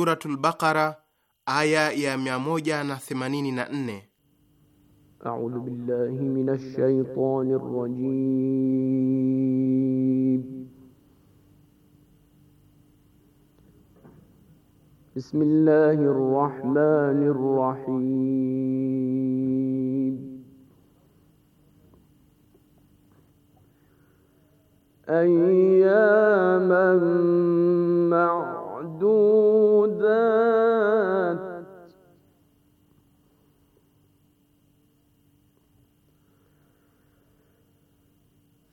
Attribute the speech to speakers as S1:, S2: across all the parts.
S1: Suratul Baqara aya ya 184.
S2: A'udhu billahi minash shaitanir rajim. Bismillahir rahmanir rahim.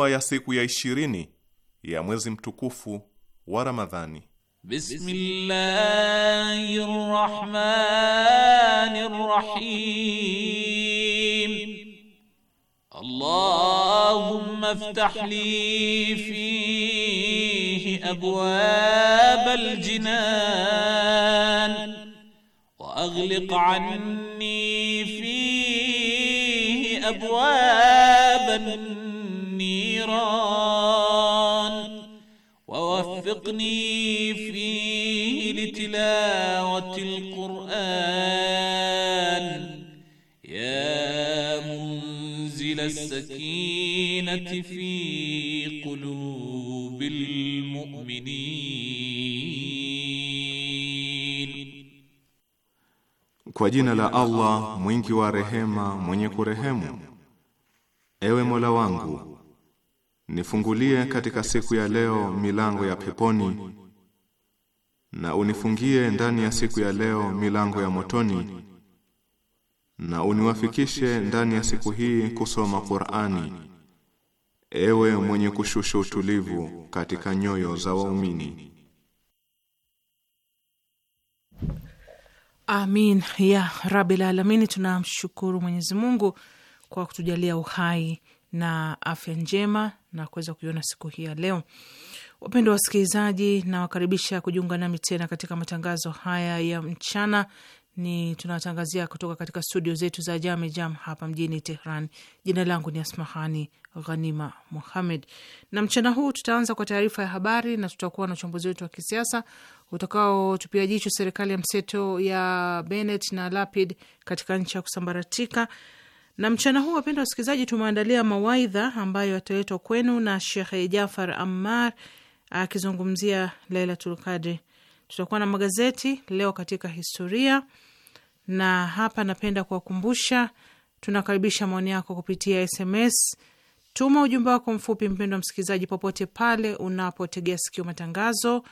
S1: dua ya siku ya ishirini ya mwezi mtukufu wa Ramadhani.
S2: Bismillahirrahmanirrahim. Allahumma iftah li fihi abwab aljinan wa aghliq anni fihi abwab an الشيطان ووفقني فيه لتلاوة القرآن يا منزل السكينة في قلوب المؤمنين
S1: Kwa jina la Allah mwingi wa rehema mwenye kurehemu Ewe Mola wangu nifungulie katika siku ya leo milango ya peponi na unifungie ndani ya siku ya leo milango ya motoni na uniwafikishe ndani ya siku hii kusoma Qur'ani ewe mwenye kushusha utulivu katika nyoyo za waumini
S3: Amin ya Rabbil Alamin tunamshukuru Mwenyezi Mungu kwa kutujalia uhai na afya njema na kuweza kuiona siku hii ya leo. Wapendwa wasikilizaji, nawakaribisha kujiunga nami tena katika matangazo haya ya mchana. Ni tunawatangazia kutoka katika studio zetu za Jame Jam hapa mjini Tehran. Jina langu ni Asmahani Ghanima Muhamed, na mchana huu tutaanza kwa taarifa ya habari na tutakuwa na uchambuzi wetu wa kisiasa utakaotupia jicho serikali ya mseto ya Bennett na Lapid katika nchi ya kusambaratika na mchana huu, wapenda wasikilizaji, tumeandalia mawaidha ambayo yataletwa kwenu na Shekhe Jafar Ammar akizungumzia Lailatul Qadri. Tutakuwa na magazeti leo katika historia, na hapa napenda kuwakumbusha, tunakaribisha maoni yako kupitia SMS. Tuma ujumbe wako mfupi, mpendwa msikilizaji, popote pale unapotegea sikio matangazo.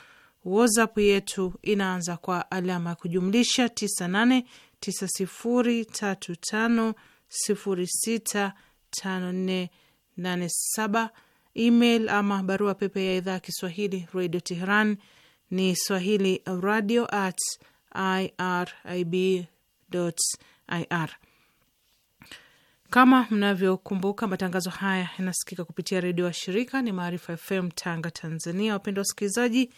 S3: WhatsApp yetu inaanza kwa alama ya kujumlisha 989035 065487. Email ama barua pepe ya idhaa ya Kiswahili Radio Tehran ni swahili radio at irib ir. Kama mnavyokumbuka, matangazo haya yanasikika kupitia redio wa shirika ni Maarifa FM Tanga, Tanzania. Wapendwa wasikilizaji,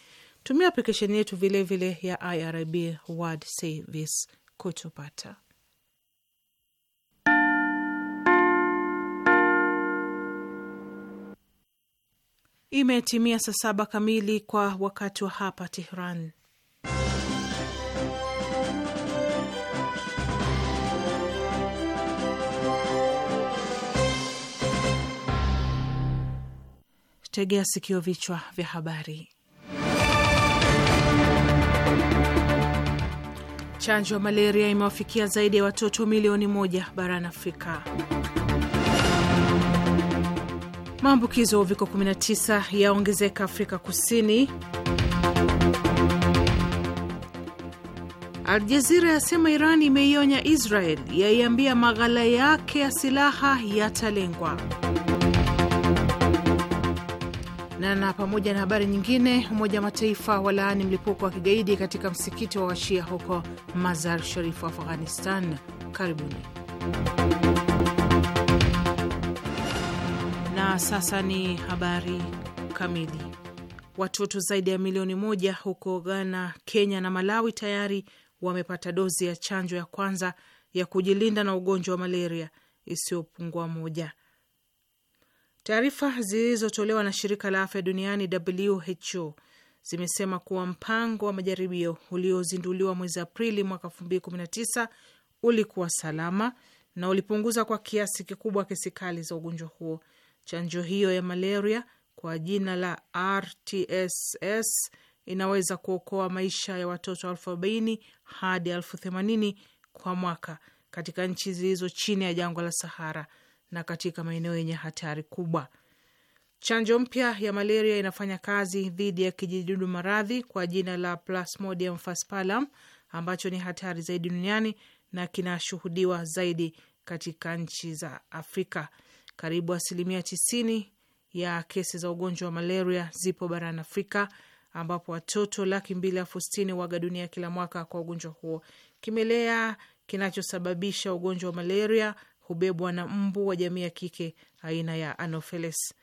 S3: tumia aplikesheni yetu vilevile ya IRIB World Service kutupata Imetimia saa saba kamili kwa wakati wa hapa Tehran. Tegea sikio, vichwa vya habari. Chanjo ya malaria imewafikia zaidi ya watoto milioni moja barani Afrika. Maambukizo ya uviko 19 yaongezeka Afrika Kusini. Aljazira yasema Iran imeionya Israel, yaiambia maghala yake ya silaha yatalengwa. Na na pamoja na habari nyingine, Umoja wa Mataifa walaani mlipuko wa kigaidi katika msikiti wa Washia huko Mazar Sharifu, Afghanistan. Karibuni. sasa ni habari kamili. Watoto zaidi ya milioni moja huko Ghana, Kenya na Malawi tayari wamepata dozi ya chanjo ya kwanza ya kujilinda na ugonjwa wa malaria isiyopungua moja. Taarifa zilizotolewa na shirika la afya duniani WHO zimesema kuwa mpango wa majaribio uliozinduliwa mwezi Aprili mwaka 2019 ulikuwa salama na ulipunguza kwa kiasi kikubwa kesi kali za ugonjwa huo. Chanjo hiyo ya malaria kwa jina la RTSS inaweza kuokoa maisha ya watoto elfu arobaini hadi elfu themanini kwa mwaka katika nchi zilizo chini ya jangwa la Sahara na katika maeneo yenye hatari kubwa. Chanjo mpya ya malaria inafanya kazi dhidi ya kijidudu maradhi kwa jina la Plasmodium falciparum ambacho ni hatari zaidi duniani na kinashuhudiwa zaidi katika nchi za Afrika. Karibu asilimia tisini ya kesi za ugonjwa wa malaria zipo barani Afrika, ambapo watoto laki mbili elfu sitini waga dunia kila mwaka kwa ugonjwa huo. Kimelea kinachosababisha ugonjwa wa malaria hubebwa na mbu wa jamii ya kike aina ya Anopheles.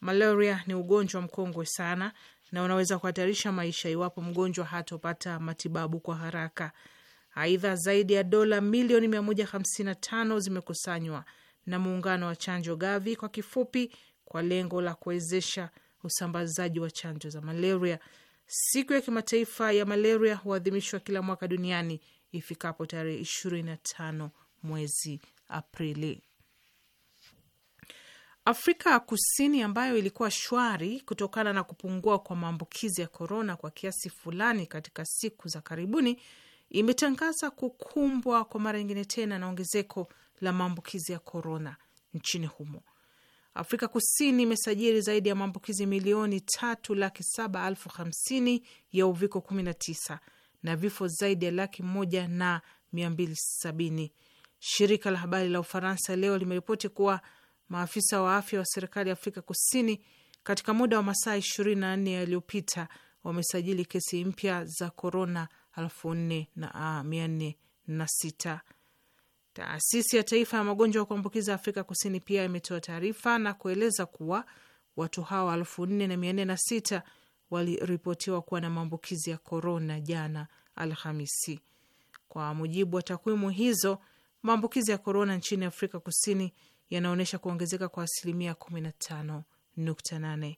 S3: Malaria ni ugonjwa mkongwe sana na unaweza kuhatarisha maisha iwapo mgonjwa hatopata matibabu kwa haraka. Aidha, zaidi ya dola milioni tano zimekusanywa na muungano wa chanjo Gavi kwa kifupi, kwa lengo la kuwezesha usambazaji wa chanjo za malaria. Siku ya kimataifa ya malaria huadhimishwa kila mwaka duniani ifikapo tarehe tano mwezi Aprili. Afrika Kusini ambayo ilikuwa shwari kutokana na kupungua kwa maambukizi ya korona kwa kiasi fulani katika siku za karibuni, imetangaza kukumbwa kwa mara nyingine tena na ongezeko la maambukizi ya korona nchini humo. Afrika Kusini imesajili zaidi ya maambukizi milioni tatu laki saba elfu hamsini ya uviko 19 na vifo zaidi ya laki moja na mia mbili sabini. Shirika la habari la Ufaransa leo limeripoti kuwa maafisa wa afya wa serikali ya Afrika Kusini katika muda wa masaa 24 yaliyopita wamesajili kesi mpya za korona elfu nne na ah, mia nne na sita. Taasisi ya Taifa ya Magonjwa ya Kuambukiza Afrika Kusini pia imetoa taarifa na kueleza kuwa watu hawa elfu nne na mia nne na sita waliripotiwa kuwa na maambukizi ya korona jana Alhamisi. Kwa mujibu wa takwimu hizo, maambukizi ya korona nchini Afrika Kusini yanaonyesha kuongezeka kwa asilimia 15.8.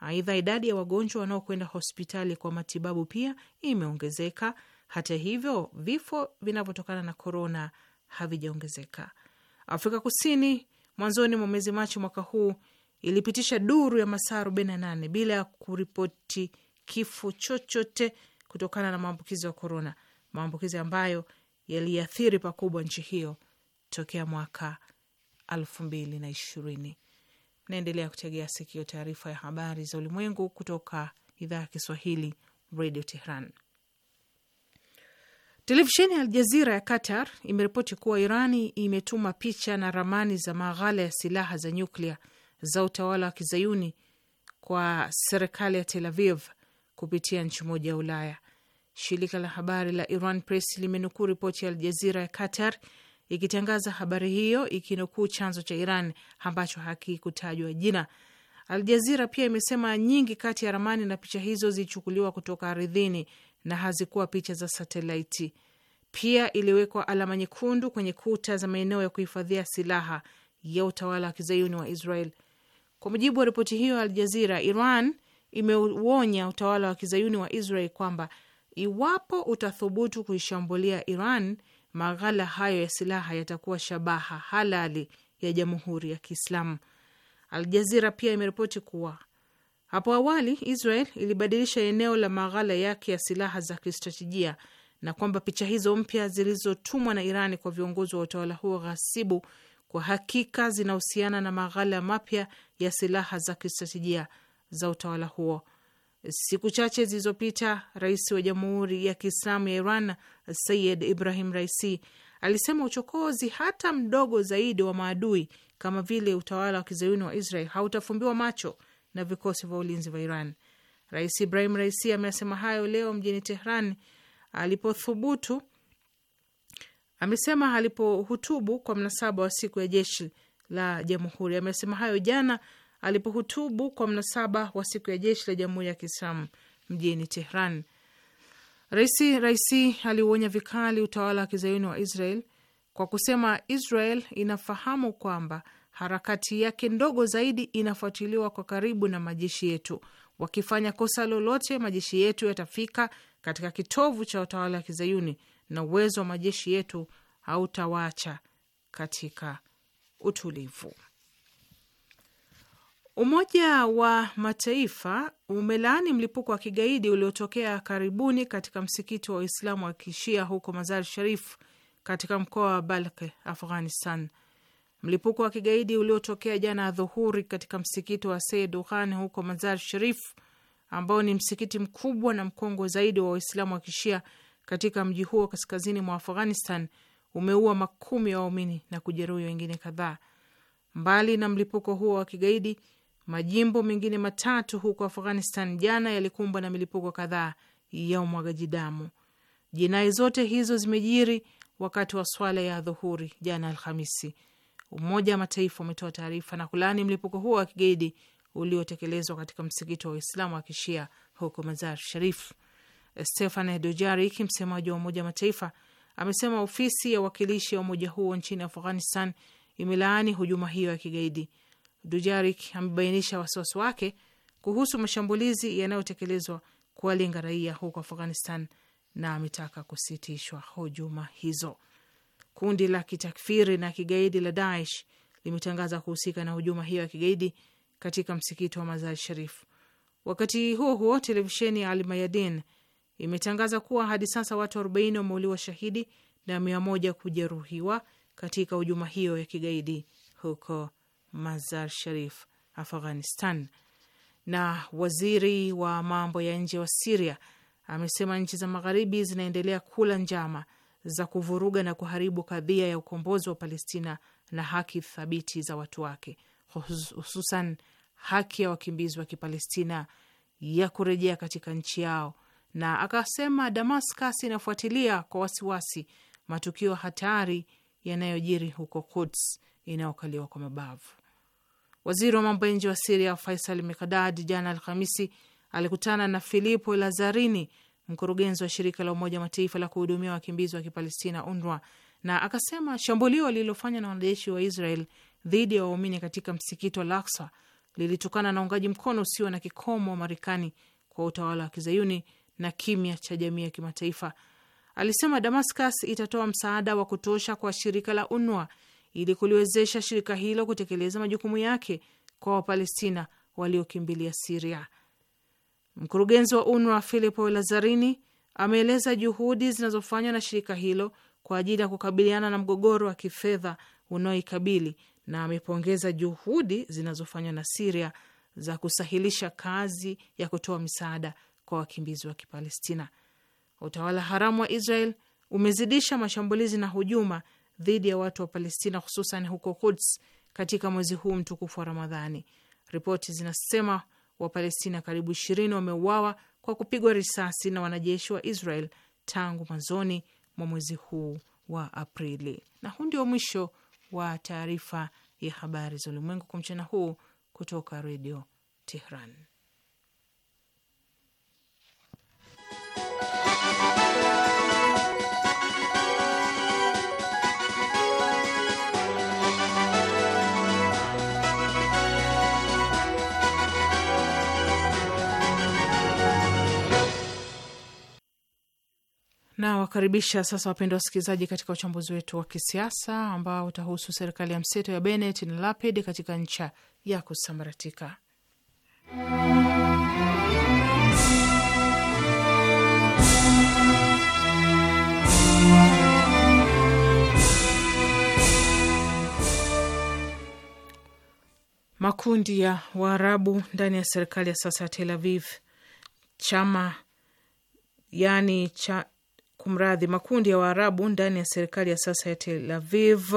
S3: Aidha, idadi ya wagonjwa wanaokwenda hospitali kwa matibabu pia imeongezeka. Hata hivyo, vifo vinavyotokana na korona havijaongezeka. Afrika Kusini mwanzoni mwa mwezi Machi mwaka huu ilipitisha duru ya masaa 48 bila ya kuripoti kifo chochote kutokana na maambukizi ya korona, maambukizi ambayo yaliathiri pakubwa nchi hiyo tokea mwaka elfu mbili na ishirini. Naendelea kutegea sikio taarifa ya habari za ulimwengu kutoka idhaa ya Kiswahili, Radio Tehran. Televisheni ya Aljazira ya Qatar imeripoti kuwa Irani imetuma picha na ramani za maghala ya silaha za nyuklia za utawala wa kizayuni kwa serikali ya Tel Aviv kupitia nchi moja ya Ulaya. Shirika la habari la Iran Press limenukuu ripoti ya Aljazira ya Qatar ikitangaza habari hiyo ikinukuu chanzo cha Iran ambacho hakikutajwa jina. Aljazira pia imesema nyingi kati ya ramani na picha hizo zilichukuliwa kutoka ardhini na hazikuwa picha za satelaiti. Pia iliwekwa alama nyekundu kwenye kuta za maeneo ya kuhifadhia silaha ya utawala wa kizayuni wa Israel. Kwa mujibu wa ripoti hiyo ya Aljazira, Iran imeuonya utawala wa kizayuni wa Israel kwamba iwapo utathubutu kuishambulia Iran, maghala hayo ya silaha yatakuwa shabaha halali ya jamhuri ya Kiislamu. Aljazira pia imeripoti kuwa hapo awali Israel ilibadilisha eneo la maghala yake ya silaha za kistratejia na kwamba picha hizo mpya zilizotumwa na Irani kwa viongozi wa utawala huo ghasibu kwa hakika zinahusiana na maghala mapya ya silaha za kistratejia za utawala huo. Siku chache zilizopita, rais wa Jamhuri ya Kiislamu ya Iran Sayed Ibrahim Raisi alisema uchokozi hata mdogo zaidi wa maadui kama vile utawala wa kizayuni wa Israel hautafumbiwa macho na vikosi vya ulinzi vya Iran. Rais Ibrahim Raisi amesema hayo leo mjini Tehran alipothubutu amesema alipohutubu kwa mnasaba wa siku ya jeshi la jamhuri. Amesema hayo jana alipohutubu kwa mnasaba wa siku ya jeshi la jamhuri ya Kiislamu mjini Tehran. Raisi Raisi aliuonya vikali utawala wa kizayuni wa Israel kwa kusema Israel inafahamu kwamba harakati yake ndogo zaidi inafuatiliwa kwa karibu na majeshi yetu. Wakifanya kosa lolote, majeshi yetu yatafika katika kitovu cha utawala wa Kizayuni, na uwezo wa majeshi yetu hautawaacha katika utulivu. Umoja wa Mataifa umelaani mlipuko wa kigaidi uliotokea karibuni katika msikiti wa Waislamu wa Kishia huko Mazar Sharif katika mkoa wa Balk, Afghanistan. Mlipuko wa kigaidi uliotokea jana adhuhuri katika msikiti wa Sayyid Duhan huko Mazar Sharif, ambao ni msikiti mkubwa na mkongwe zaidi wa Waislamu wa kishia katika mji huo kaskazini mwa Afghanistan umeua makumi ya wa waumini na kujeruhi wengine kadhaa. Mbali na mlipuko huo wa kigaidi, majimbo mengine matatu huko Afghanistan jana yalikumbwa na milipuko kadhaa ya umwagaji damu. Jinai zote hizo zimejiri wakati wa swala ya adhuhuri jana Alhamisi. Umoja wa Mataifa umetoa taarifa na kulaani mlipuko huo wa kigaidi uliotekelezwa katika msikiti wa Waislamu wa kishia huko Mazar Sharif. Stefan Dujarik, msemaji wa Umoja wa Mataifa, amesema ofisi ya uwakilishi ya umoja huo nchini Afghanistan imelaani hujuma hiyo ya kigaidi. Dujarik amebainisha wasiwasi wake kuhusu mashambulizi yanayotekelezwa kuwalenga raia huko Afghanistan na ametaka kusitishwa hujuma hizo. Kundi la kitakfiri na kigaidi la Daesh limetangaza kuhusika na hujuma hiyo ya kigaidi katika msikiti wa Mazar Sharif. Wakati huo huo, televisheni ya Al Mayadin imetangaza kuwa hadi sasa watu 40 wameuliwa shahidi na moja kujeruhiwa katika hujuma hiyo ya kigaidi huko Mazar Sharif, Afghanistan. Na waziri wa mambo ya nje wa Siria amesema nchi za magharibi zinaendelea kula njama za kuvuruga na kuharibu kadhia ya ukombozi wa Palestina na haki thabiti za watu wake, hususan haki ya wakimbizi wa Kipalestina ya kurejea katika nchi yao, na akasema Damascus inafuatilia kwa wasiwasi matukio hatari yanayojiri huko Quds inayokaliwa kwa mabavu. Waziri wa mambo ya nje wa Siria Faisal Mikdad jana Alhamisi alikutana na Filipo Lazarini, mkurugenzi wa shirika la Umoja wa Mataifa la kuhudumia wakimbizi wa Kipalestina, UNRWA, na akasema shambulio lililofanywa na wanajeshi wa Israel dhidi ya waumini katika msikiti wa Laksa lilitokana na uungaji mkono usio na kikomo wa Marekani kwa utawala wa kizayuni na kimya cha jamii ya kimataifa. Alisema Damascus itatoa msaada wa kutosha kwa shirika la unwa ili kuliwezesha shirika hilo kutekeleza majukumu yake kwa Wapalestina waliokimbilia Siria. Mkurugenzi wa UNRWA Filipo Lazarini ameeleza juhudi zinazofanywa na shirika hilo kwa ajili ya kukabiliana na mgogoro wa kifedha unaoikabili na amepongeza juhudi zinazofanywa na Siria za kusahilisha kazi ya kutoa misaada kwa wakimbizi wa Kipalestina. Utawala haramu wa Israel umezidisha mashambulizi na hujuma dhidi ya watu wa Palestina, hususan huko Kuds katika mwezi huu mtukufu wa Ramadhani. Ripoti zinasema Wapalestina karibu ishirini wameuawa kwa kupigwa risasi na wanajeshi wa Israel tangu mwanzoni mwa mwezi huu wa Aprili. Na huu ndio mwisho wa taarifa ya habari za ulimwengu kwa mchana huu kutoka Redio Tehran. nawakaribisha sasa wapendwa wasikilizaji, katika uchambuzi wetu wa kisiasa ambao utahusu serikali ya mseto ya Bennett na Lapid katika ncha ya kusambaratika. Makundi ya Waarabu ndani ya serikali ya sasa ya Tel Aviv, chama yani cha kumradhi, makundi ya Waarabu ndani ya serikali ya sasa ya Tel Aviv,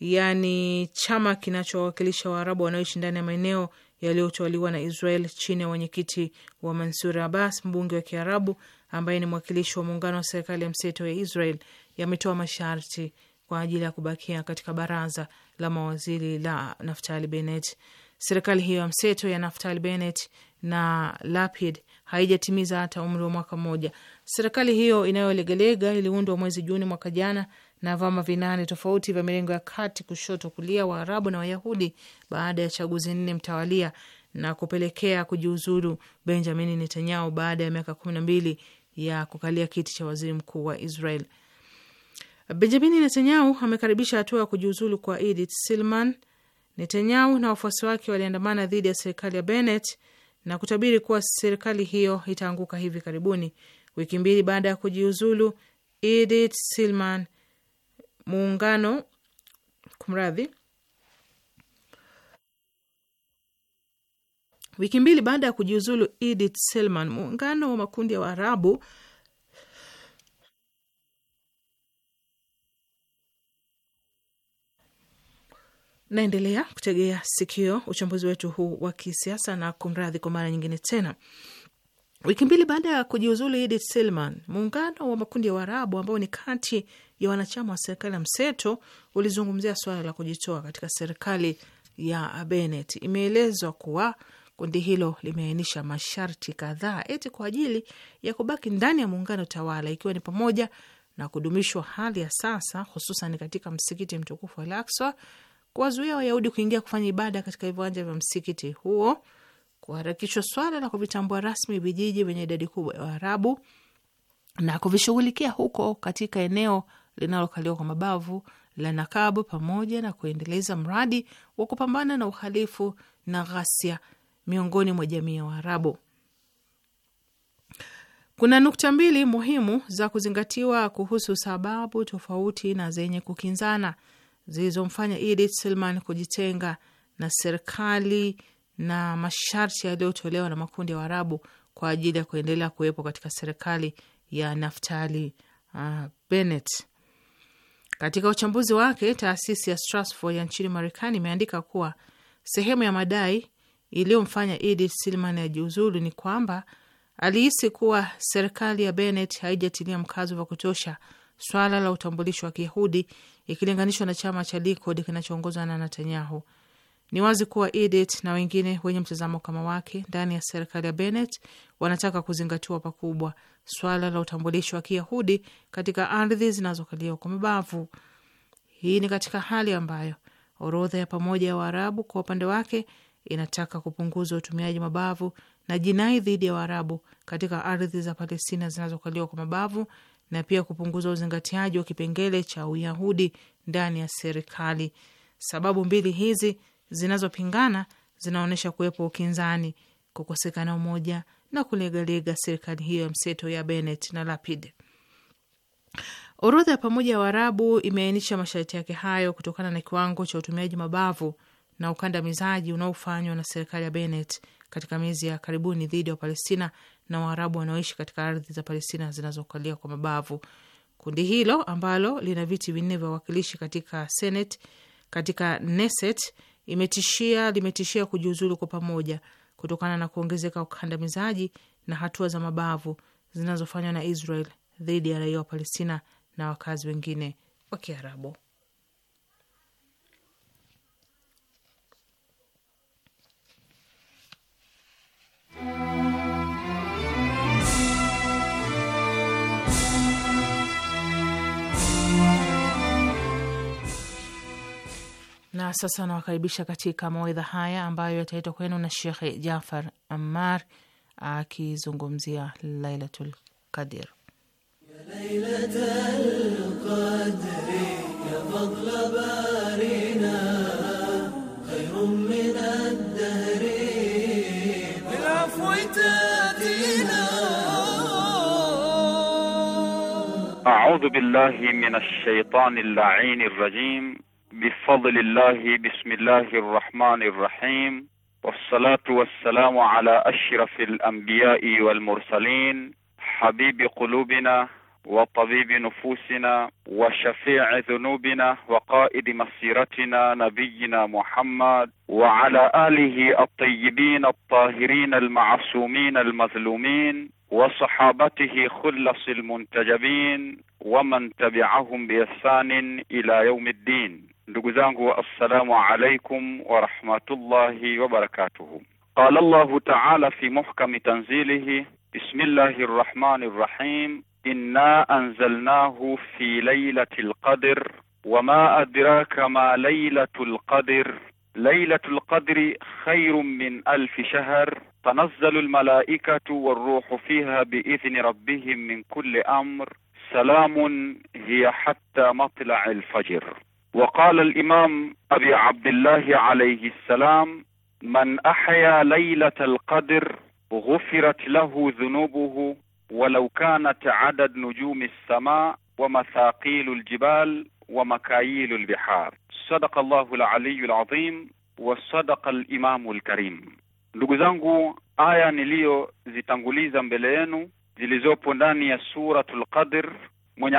S3: yaani chama kinachowakilisha Waarabu wanaoishi ndani ya maeneo yaliyotwaliwa na Israel chini ya mwenyekiti wa Mansur Abbas, mbunge wa Kiarabu ambaye ni mwakilishi wa muungano wa serikali ya mseto ya Israel, yametoa masharti kwa ajili ya kubakia katika baraza la mawaziri la Naftali Bennett. Serikali hiyo ya mseto ya Naftali Bennett na Lapid haijatimiza hata umri wa mwaka mmoja. Serikali hiyo inayolegelega iliundwa mwezi Juni mwaka jana na vyama vinane tofauti vya mirengo ya kati, kushoto, kulia, Waarabu na Wayahudi baada ya chaguzi nne mtawalia na kupelekea kujiuzulu Benjamin Netanyahu baada ya miaka kumi na mbili ya kukalia kiti cha waziri mkuu wa Israel. Benjamin Netanyahu amekaribisha hatua ya kujiuzulu kwa Edith Silman. Netanyahu na wafuasi wake waliandamana dhidi ya serikali ya Bennett na kutabiri kuwa serikali hiyo itaanguka hivi karibuni. Wiki mbili baada ya kujiuzulu Edith Silman, muungano kumradhi, wiki mbili baada ya kujiuzulu Edith Silman, muungano wa makundi ya Waarabu Naendelea kutegea sikio uchambuzi wetu huu wa kisiasa, na kumradhi kwa mara nyingine tena. Wiki mbili baada ya kujiuzulu Edith Silman, muungano wa makundi ya Waarabu ambao ni kati ya wanachama wa serikali ya mseto ulizungumzia suala la kujitoa katika serikali ya Bennett. Imeelezwa kuwa kundi hilo limeainisha masharti kadhaa eti kwa ajili ya kubaki ndani ya muungano tawala, ikiwa ni pamoja na kudumishwa hali ya sasa, hususan katika msikiti mtukufu wa Al-Aqsa kuwazuia Wayahudi kuingia kufanya ibada katika viwanja vya msikiti huo, kuharakishwa swala la kuvitambua rasmi vijiji vyenye idadi kubwa ya Waarabu na kuvishughulikia huko katika eneo linalokaliwa kwa mabavu la Nakabu, pamoja na kuendeleza mradi wa kupambana na uhalifu na ghasia miongoni mwa jamii ya Waarabu. Kuna nukta mbili muhimu za kuzingatiwa kuhusu sababu tofauti na zenye kukinzana zilizomfanya Edith Silman kujitenga na serikali na masharti yaliyotolewa na makundi ya Waarabu kwa ajili ya kuendelea kuwepo katika serikali ya Naftali uh, Bennett. Katika uchambuzi wake, taasisi ya Strasford ya nchini Marekani imeandika kuwa sehemu ya madai iliyomfanya Edith Silman ajiuzulu ni kwamba alihisi kuwa serikali ya Bennett haijatilia mkazo wa kutosha swala la utambulisho wa Kiyahudi ikilinganishwa na chama cha Likud kinachoongozwa na Netanyahu. Ni wazi kuwa Edit na wengine wenye mtazamo kama wake ndani ya serikali ya Bennett wanataka kuzingatiwa pakubwa swala la utambulisho wa Kiyahudi katika ardhi zinazokaliwa kwa mabavu. Hii ni katika hali ambayo orodha ya pamoja ya Waarabu kwa upande wake inataka kupunguza utumiaji mabavu na jinai dhidi ya Waarabu katika ardhi za Palestina zinazokaliwa kwa mabavu na pia kupunguza uzingatiaji wa kipengele cha uyahudi ndani ya serikali. Sababu mbili hizi zinazopingana zinaonyesha kuwepo ukinzani, kukosekana umoja na kulegalega serikali hiyo ya mseto ya Bennett na Lapid. Orodha ya pamoja ya Waarabu imeainisha masharti yake hayo kutokana na kiwango cha utumiaji mabavu na ukandamizaji unaofanywa na serikali ya Bennett katika miezi ya karibuni dhidi ya Wapalestina na Waarabu wanaoishi katika ardhi za Palestina zinazokaliwa kwa mabavu. Kundi hilo ambalo lina viti vinne vya wawakilishi katika Senate, katika Neset imetishia limetishia kujiuzulu kwa pamoja kutokana na kuongezeka ukandamizaji na hatua za mabavu zinazofanywa na Israel dhidi ya raia wa Palestina na wakazi wengine wa Kiarabu. Na sasa nawakaribisha katika mawaidha haya ambayo yataletwa kwenu na Shekhe Jafar Ammar akizungumzia Lailatul Qadir.
S4: أعوذ بالله من الشيطان اللعين الرجيم بفضل الله بسم الله الرحمن الرحيم والصلاة والسلام على أشرف الأنبياء والمرسلين حبيب قلوبنا وطبيب نفوسنا وشفيع ذنوبنا وقائد مسيرتنا نبينا محمد وعلى آله الطيبين الطاهرين المعصومين المظلومين وصحابته خلص المنتجبين ومن تبعهم بإحسان إلى يوم الدين Ndugu zangu, assalamu alaikum warahmatullahi wabarakatuhu. Qala Allahu taala fi muhkami tanzilihi, bismillahi rrahmani rrahim, inna anzalnahu fi lailati lqadr wama adraka ma lailatu lqadr lailatu lqadri khairun min alfi shahr tanazzalu lmalaikatu warruhu fiha biidhni rabbihim min kulli amr salamun hiya hatta matlai lfajr وقال الامام ابي عبد الله عليه السلام من احيا ليله القدر غفرت له ذنوبه ولو كانت عدد نجوم السماء ومثاقيل الجبال ومكاييل البحار صدق الله العلي العظيم وصدق الامام الكريم ndugu zangu aya niliyozitanguliza mbele yenu zilizopo ndani ya suratul qadr mwenye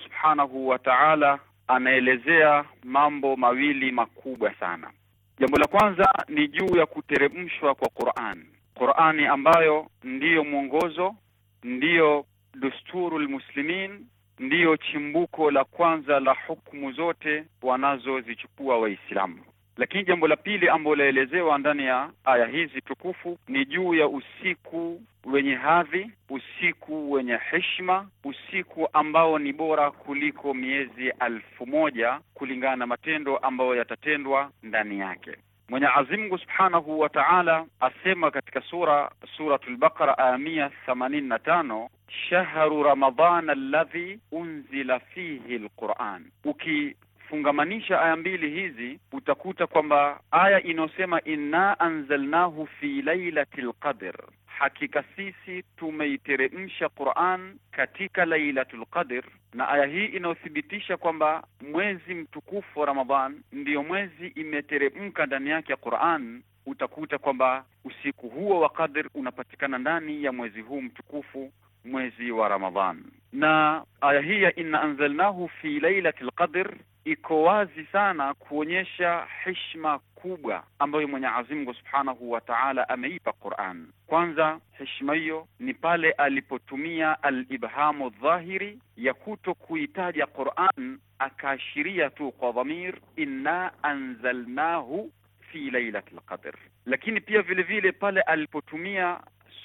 S4: subhanahu wa taala anaelezea mambo mawili makubwa sana. Jambo la kwanza ni juu ya kuteremshwa kwa Qur'an, Qur'ani ambayo ndiyo mwongozo, ndiyo dusturul muslimin, ndiyo chimbuko la kwanza la hukumu zote wanazozichukua Waislamu. Lakini jambo la pili ambalo laelezewa ndani ya aya hizi tukufu ni juu ya usiku wenye hadhi, usiku wenye heshima, usiku ambao ni bora kuliko miezi alfu moja kulingana na matendo ambayo yatatendwa ndani yake. Mwenyezi Mungu Subhanahu wa Ta'ala asema katika sura Suratul Baqara aya mia themanini na tano shahru ramadhana alladhi unzila fihi lquran. Uki ukifungamanisha aya mbili hizi utakuta kwamba aya inayosema inna anzalnahu fi lailati lqadr hakika sisi tumeiteremsha Qur'an katika lailatu lqadr na aya hii inayothibitisha kwamba mwezi mtukufu wa Ramadhan ndiyo mwezi imeteremka ndani yake ya Qur'an, utakuta kwamba usiku huo wa Qadr unapatikana ndani ya mwezi huu mtukufu mwezi wa Ramadhan. Na aya hii ya inna anzalnahu fi lailati lqadr iko wazi sana kuonyesha heshima kubwa ambayo Mwenyezi Mungu Subhanahu wa Ta'ala ameipa Qur'an. Kwanza, heshima hiyo ni pale alipotumia al-ibhamu dhahiri ya kuto kuitaja Qur'an, akaashiria tu kwa dhamir, inna anzalnahu fi lailatul qadr. Lakini pia vile vile pale alipotumia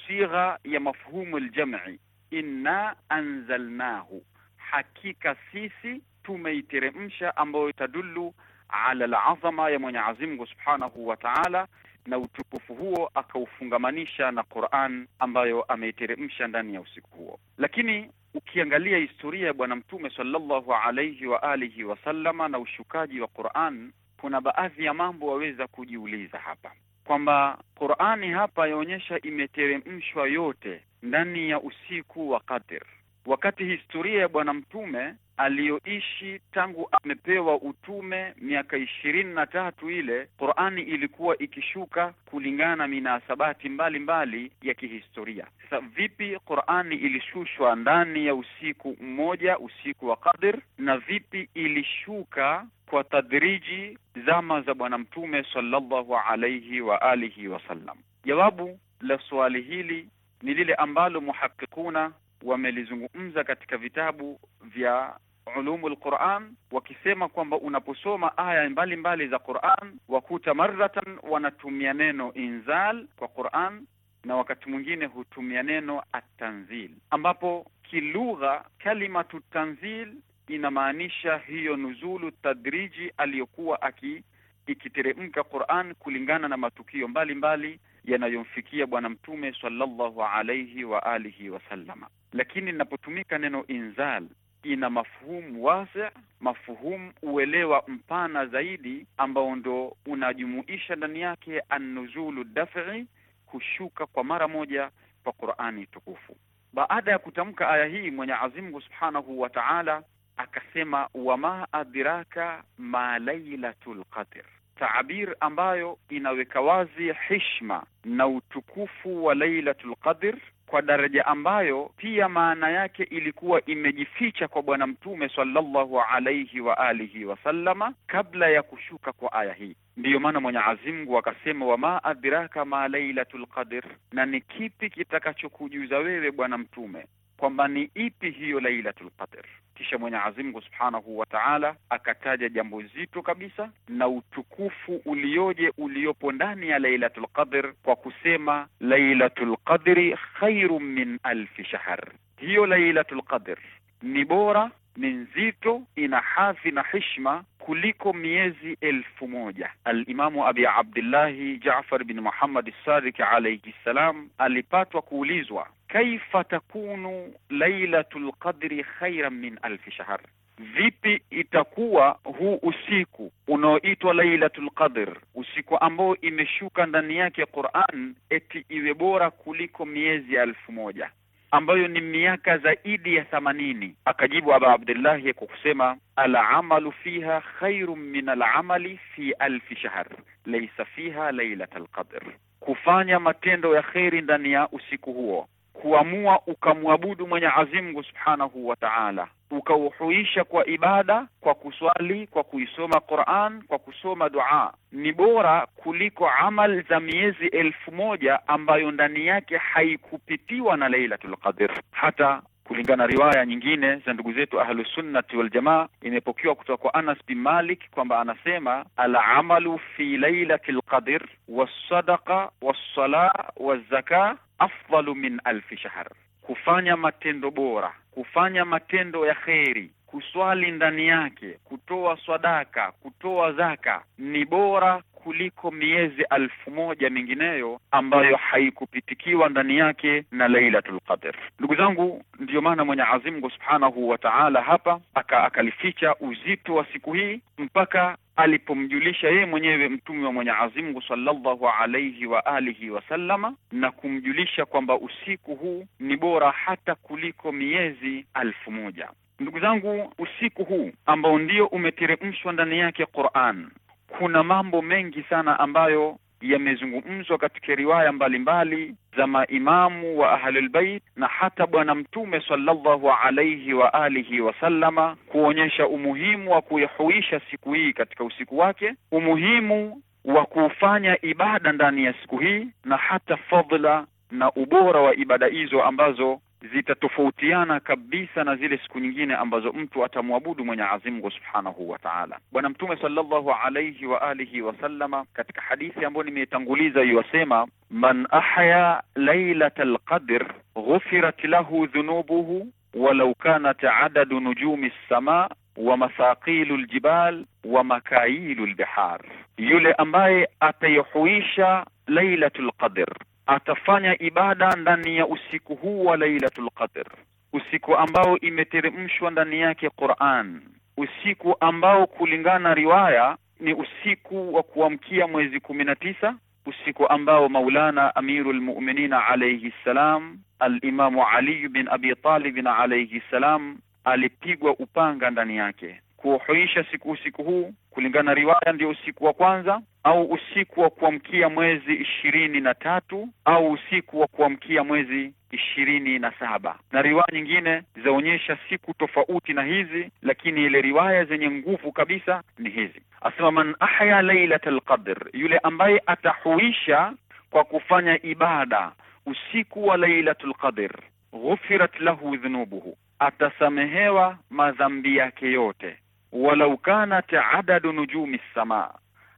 S4: sigha ya mafhumu al-jam'i, inna anzalnahu, hakika sisi tumeiteremsha ambayo itadullu ala alazama ya Mwenyezi Mungu Subhanahu wa Ta'ala, na utukufu huo akaufungamanisha na Qur'an ambayo ameiteremsha ndani ya usiku huo. Lakini ukiangalia historia ya Bwana Mtume sallallahu alayhi wa alihi wasallama na ushukaji wa Qur'an, kuna baadhi ya mambo waweza kujiuliza hapa kwamba Qur'ani hapa yaonyesha imeteremshwa yote ndani ya usiku wa Qadr, wakati historia ya Bwana Mtume aliyoishi tangu amepewa utume miaka ishirini na tatu ile Qurani ilikuwa ikishuka kulingana minasabati mbalimbali mbali ya kihistoria. Sasa vipi Qurani ilishushwa ndani ya usiku mmoja, usiku wa Qadr, na vipi ilishuka kwa tadriji zama za Bwana Mtume sallallahu alayhi wa alihi wasallam? Jawabu la swali hili ni lile ambalo muhakikuna wamelizungumza katika vitabu vya ulumu lquran wakisema kwamba unaposoma aya mbalimbali mbali za Quran wakuta maratan wanatumia neno inzal kwa Quran na wakati mwingine hutumia neno atanzil, ambapo kilugha kalimatu tanzil inamaanisha hiyo nuzulu tadriji aliyokuwa aki ikiteremka Quran kulingana na matukio mbalimbali mbali yanayomfikia Bwana Mtume sallallahu alaihi wa alihi wasallama. Lakini linapotumika neno inzal ina mafuhumu wasi, mafuhumu uelewa mpana zaidi, ambao ndo unajumuisha ndani yake annuzulu dafi, kushuka kwa mara moja kwa Qur'ani tukufu. Baada ya kutamka aya hii, Mwenyezi Mungu Subhanahu wa Ta'ala akasema, wama adiraka ma lailatul qadr taabir ambayo inaweka wazi hishma na utukufu wa Lailatul Qadr kwa daraja ambayo pia maana yake ilikuwa imejificha kwa Bwana Mtume sallallahu alaihi wa alihi wasallama kabla ya kushuka kwa aya hii. Ndiyo maana Mwenyezi Mungu akasema, wama adraka ma Lailatul Qadr, na ni kipi kitakachokujuza wewe Bwana Mtume kwamba ni ipi hiyo Lailatul Qadr. Kisha Mwenyezi Mungu Subhanahu wa Ta'ala akataja jambo zito kabisa na utukufu ulioje uliopo ndani ya Lailatul Qadr kwa kusema Lailatul Qadri khairum min alfi shahr. Hiyo Lailatul Qadr ni bora, ni nzito, ina hadhi na hishma kuliko miezi elfu moja. Alimamu Abi Abdillahi jafar bin Muhammad Sadiq alayhi salam alipatwa kuulizwa, kaifa takunu lailatu lqadri khairan min alfi shahr Vipi itakuwa huu usiku unaoitwa lailatu lqadr usiku ambao imeshuka ndani yake Qur'an, eti iwe bora kuliko miezi elfu moja? ambayo ni miaka zaidi ya thamanini. Akajibu Aba Abdillahi kwa kusema alamalu fiha khairun min alamali fi alfi shahr laisa fiha lailat alqadr, kufanya matendo ya kheri ndani ya usiku huo kuamua ukamwabudu Mwenyezi Mungu Subhanahu wa Ta'ala, ukauhuisha kwa ibada, kwa kuswali, kwa kuisoma Qur'an, kwa kusoma dua, ni bora kuliko amal za miezi elfu moja ambayo ndani yake haikupitiwa na Lailatul Qadr. Hata Kulingana na riwaya nyingine za ndugu zetu Ahlusunnati Waljamaa, imepokewa kutoka kwa Anas bin Malik kwamba anasema alamalu fi lailati lqadr wassadaqa wassala wazaka afdalu min alfi shahr, kufanya matendo bora, kufanya matendo ya kheri kuswali ndani yake, kutoa swadaka, kutoa zaka ni bora kuliko miezi alfu moja mingineyo ambayo haikupitikiwa ndani yake na Lailatul Qadr. Ndugu zangu, ndiyo maana Mwenye Azimu Subhanahu wa Ta'ala hapa aka, akalificha uzito wa siku hii mpaka alipomjulisha yeye mwenyewe mtume wa Mwenyezi Mungu sallallahu alaihi wa alihi wasallama, na kumjulisha kwamba usiku huu ni bora hata kuliko miezi alfu moja. Ndugu zangu, usiku huu ambao ndio umeteremshwa ndani yake Qur'an, kuna mambo mengi sana ambayo yamezungumzwa katika riwaya mbalimbali mbali za maimamu wa Ahlul Bait na hata Bwana Mtume sallallahu alayhi wa alihi wasallama, kuonyesha umuhimu wa kuihuisha siku hii katika usiku wake, umuhimu wa kufanya ibada ndani ya siku hii na hata fadhila na ubora wa ibada hizo ambazo zitatofautiana kabisa na zile siku nyingine ambazo mtu atamwabudu Mwenyezi Mungu Subhanahu wa Ta'ala. Bwana Mtume sallallahu alayhi wa alihi wasallama katika hadithi ambayo nimeitanguliza yuwasema, man ahya lailatal qadr ghufirat lahu dhunubuhu walau kanat adadu nujumi ssamaa wa masaqilu ljibal wa makailu lbihar, yule ambaye ataihuisha lailatul lqadr atafanya ibada ndani ya usiku huu wa Lailatul Qadr, usiku ambao imeteremshwa ndani yake Qur'an, usiku ambao kulingana riwaya ni usiku wa kuamkia mwezi kumi na tisa, usiku ambao Maulana Amirul Mu'minin alayhi salam al-Imamu Ali bin Abi Talib alayhi salam alipigwa upanga ndani yake kuhuisha siku usiku huu kulingana na riwaya ndio usiku wa kwanza au usiku wa kuamkia mwezi ishirini na tatu au usiku wa kuamkia mwezi ishirini na saba na riwaya nyingine zaonyesha siku tofauti na hizi, lakini ile riwaya zenye nguvu kabisa ni hizi. Asema man ahya lailata alqadr, yule ambaye atahuisha kwa kufanya ibada usiku wa lailat lqadr ghufirat lahu dhunubuhu, atasamehewa madhambi yake yote walau kanat adadu nujumi ssamaa,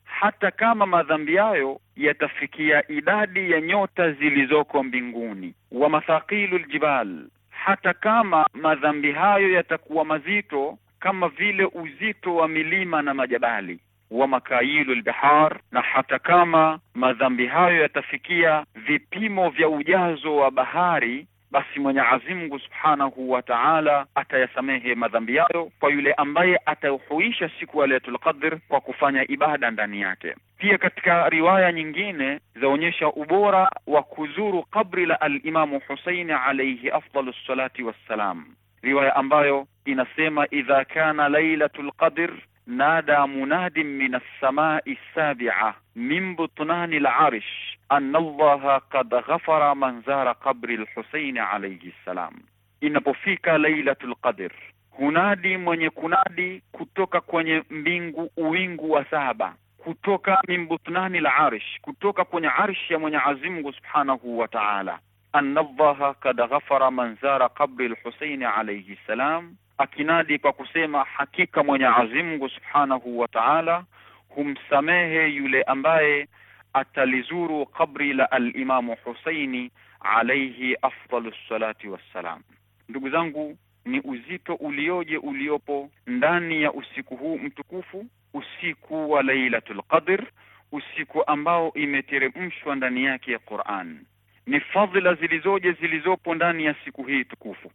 S4: hata kama madhambi yayo yatafikia idadi ya nyota zilizoko mbinguni. Wa mathaqilu ljibal, hata kama madhambi hayo yatakuwa mazito kama vile uzito wa milima na majabali. Wa makailu lbihar, na hata kama madhambi hayo yatafikia vipimo vya ujazo wa bahari basi Mwenyezi Mungu subhanahu wa taala atayasamehe madhambi yayo kwa yule ambaye atahuisha siku ya Lailatul Qadr kwa kufanya ibada ndani yake. Pia katika riwaya nyingine zaonyesha ubora wa kuzuru kabri la Alimamu Husaini alayhi afdalu salati wassalam, riwaya ambayo inasema idha kana Lailatul Qadr nada munadin min as sabia min butnani al-arsh anna allaha qad ghafara man zara qabri al-husaini alayhi Inapofika Lailatul Qadr, hunadi mwenye kunadi kutoka kwenye mbingu uwingu wa saba kutoka min butnani la kutoka kwenye arshi ya Mwenyezi Mungu subhanahu wa taala, anna allaha qad ghafara man zara qabri al-husaini alayhi akinadi kwa kusema hakika Mwenyezi Mungu subhanahu wa taala humsamehe yule ambaye atalizuru kabri la alimamu Husaini alaihi afdalu salati wassalam. Ndugu zangu, ni uzito ulioje uliopo ndani ya usiku huu mtukufu, usiku wa Lailatul Qadr, usiku ambao imeteremshwa ndani yake ya Qur'an. Ni fadhila zilizoje zilizopo ndani ya siku hii tukufu,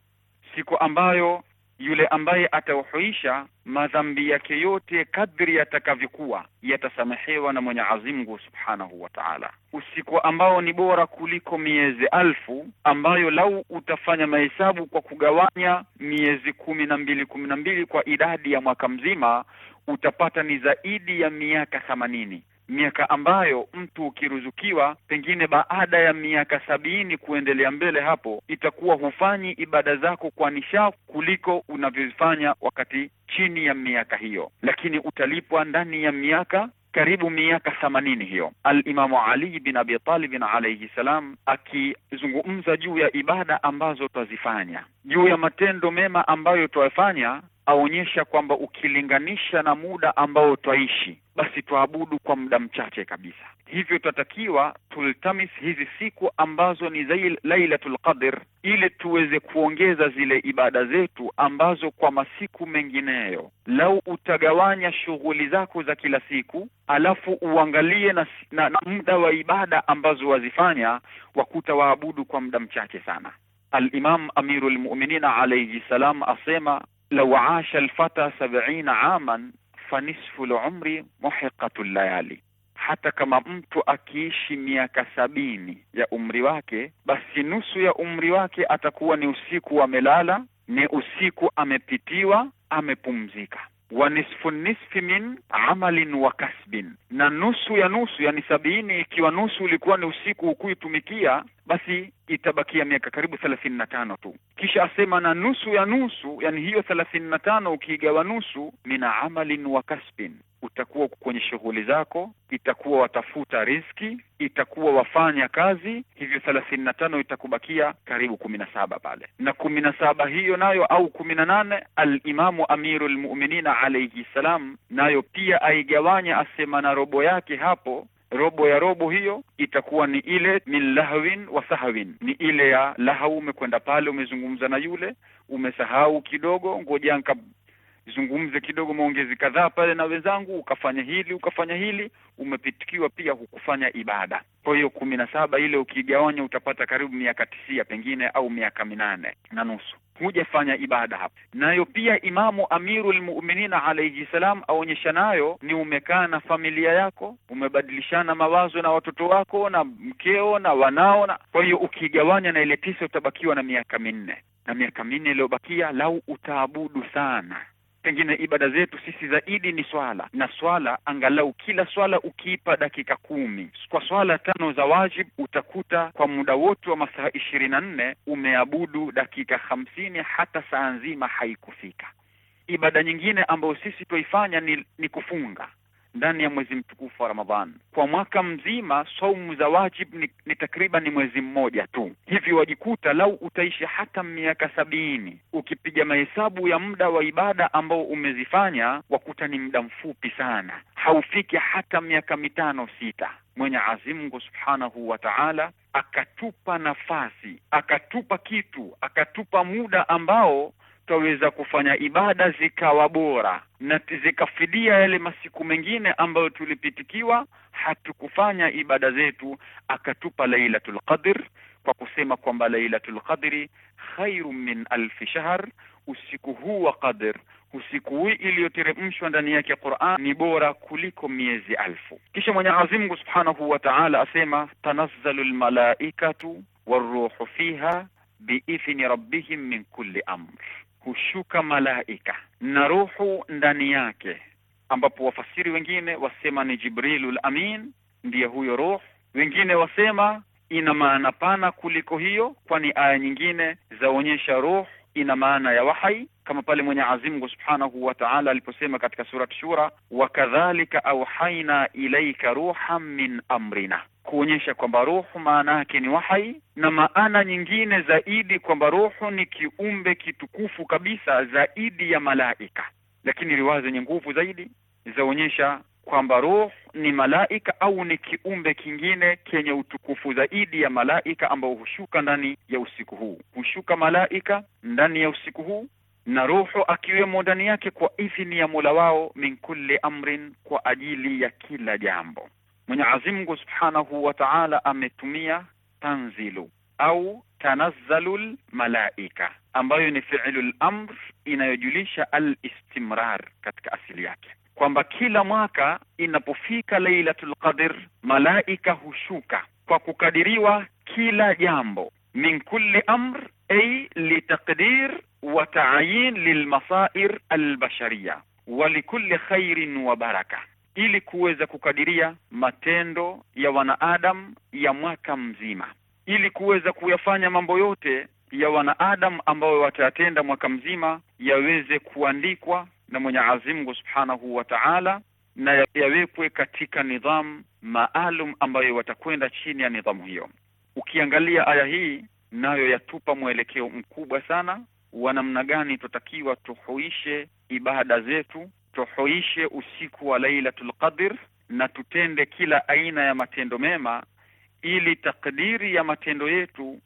S4: siku ambayo yule ambaye atauhuisha madhambi yake yote kadri yatakavyokuwa yatasamehewa na Mwenyezi Mungu subhanahu wa taala. Usiku ambao ni bora kuliko miezi alfu, ambayo lau utafanya mahesabu kwa kugawanya miezi kumi na mbili kumi na mbili kwa idadi ya mwaka mzima utapata ni zaidi ya miaka themanini miaka ambayo mtu ukiruzukiwa, pengine baada ya miaka sabini kuendelea mbele, hapo itakuwa hufanyi ibada zako kwa nisha kuliko unavyofanya wakati chini ya miaka hiyo, lakini utalipwa ndani ya miaka karibu miaka themanini hiyo. Alimamu Ali bin Abi Talib alayhi salam akizungumza juu ya ibada ambazo twazifanya, juu ya matendo mema ambayo twayafanya, aonyesha kwamba ukilinganisha na muda ambao twaishi, basi twaabudu kwa muda mchache kabisa. Hivyo twatakiwa tultamis hizi siku ambazo ni zai Lailatul Qadr, ili tuweze kuongeza zile ibada zetu ambazo kwa masiku mengineyo, lau utagawanya shughuli zako za kila siku, alafu uangalie na, na, na muda wa ibada ambazo wazifanya, wakuta waabudu kwa muda mchache sana. Al-Imam Amirul Mu'minin alayhi salam asema لو عاش الفتى سبعين عاما فنصف العمر محقة الليالي hata kama mtu akiishi miaka sabini ya umri wake basi nusu ya umri wake atakuwa ni usiku amelala ni usiku amepitiwa amepumzika wa nisfu nisfi min amalin wa kasbin, na nusu ya nusu, yani sabini. Ikiwa nusu ulikuwa ni usiku hukuitumikia, basi itabakia miaka karibu thelathini na tano tu. Kisha asema na nusu ya nusu, yani hiyo thelathini na tano ukiigawa nusu, mina amalin wa kasbin utakuwa kwenye shughuli zako, itakuwa watafuta riski, itakuwa wafanya kazi. Hivyo thelathini na tano itakubakia karibu kumi na saba pale na kumi na saba hiyo nayo au kumi na nane Alimamu Amiru lmuminina alaihi salam nayo pia aigawanya, asema na robo yake hapo robo ya robo hiyo itakuwa ni ile min lahwin wa sahwin, ni ile ya lahau. Umekwenda pale umezungumza na yule, umesahau kidogo, ngoja zungumze kidogo maongezi kadhaa pale na wenzangu, ukafanya hili ukafanya hili, umepitikiwa pia hukufanya ibada. Kwa hiyo kumi na saba ile ukigawanya utapata karibu miaka tisia pengine au miaka minane na nusu hujafanya ibada hapo. Nayo pia Imamu Amirul Muminina alaihi salam aonyesha nayo ni umekaa na familia yako, umebadilishana mawazo na watoto wako na mkeo na wanao na kwa hiyo ukigawanya na ile tisa utabakiwa na miaka minne, na miaka minne iliyobakia lau utaabudu sana Pengine ibada zetu sisi zaidi ni swala, na swala angalau kila swala ukiipa dakika kumi kwa swala tano za wajib, utakuta kwa muda wote wa masaa ishirini na nne umeabudu dakika hamsini, hata saa nzima haikufika. Ibada nyingine ambayo sisi tuaifanya ni, ni kufunga ndani ya mwezi mtukufu wa Ramadhan. Kwa mwaka mzima saumu za wajib ni, ni takriban mwezi mmoja tu hivi, wajikuta lau utaishi hata miaka sabini, ukipiga mahesabu ya muda wa ibada ambao umezifanya wakuta ni muda mfupi sana, haufiki hata miaka mitano sita. Mwenyezi Mungu subhanahu wa taala akatupa nafasi, akatupa kitu, akatupa muda ambao tukaweza kufanya ibada zikawa bora na zikafidia yale masiku mengine ambayo tulipitikiwa hatukufanya ibada zetu, akatupa lailatu lqadr kwa kusema kwamba lailatu lqadri khairu min alfi shahr, usiku huu wa Qadr, usiku huu iliyoteremshwa ndani yake Qur'an ni bora kuliko miezi alfu. Kisha Mwenyezi Subhanahu wa Ta'ala asema tanazzalul lmalaikatu waruhu fiha biithni rabbihim min kulli amr hushuka malaika na ruhu ndani yake, ambapo wafasiri wengine wasema ni Jibrilul Amin, ndiye huyo ruhu. Wengine wasema ina maana pana kuliko hiyo, kwani aya nyingine zaonyesha ruhu ina maana ya wahai kama pale mwenye azimgu Subhanahu wa Ta'ala aliposema katika surat Shura, wa kadhalika auhaina ilaika ruhan min amrina, kuonyesha kwamba ruhu maana yake ni wahai, na maana nyingine zaidi kwamba ruhu ni kiumbe kitukufu kabisa zaidi ya malaika, lakini riwaya zenye nguvu zaidi zaonyesha kwamba roho ni malaika au ni kiumbe kingine kenye utukufu zaidi ya malaika ambao hushuka ndani ya usiku huu. Hushuka malaika ndani ya usiku huu na ruhu akiwemo ndani yake kwa idhini ya Mola wao, min kulli amrin, kwa ajili ya kila jambo. Mwenyezi Mungu Subhanahu wa Ta'ala ametumia tanzilu au tanazzalul malaika ambayo ni fi'lul amr inayojulisha al-istimrar katika asili yake kwamba kila mwaka inapofika Lailatul Qadr malaika hushuka kwa kukadiriwa kila jambo min kulli amr ay litaqdir wa ta'yin lilmasair bashariya wa likulli khairin wa baraka, ili kuweza kukadiria matendo ya wanaadam ya mwaka mzima, ili kuweza kuyafanya mambo yote ya wanaadam ambayo watayatenda mwaka mzima yaweze kuandikwa na Mwenyezi Mungu Subhanahu wa Ta'ala, na yawekwe katika nidhamu maalum ambayo watakwenda chini ya nidhamu hiyo. Ukiangalia aya hii nayo yatupa mwelekeo mkubwa sana wa namna gani tutakiwa tuhuishe ibada zetu, tuhuishe usiku wa Lailatul Qadr na tutende kila aina ya matendo mema ili takdiri ya matendo yetu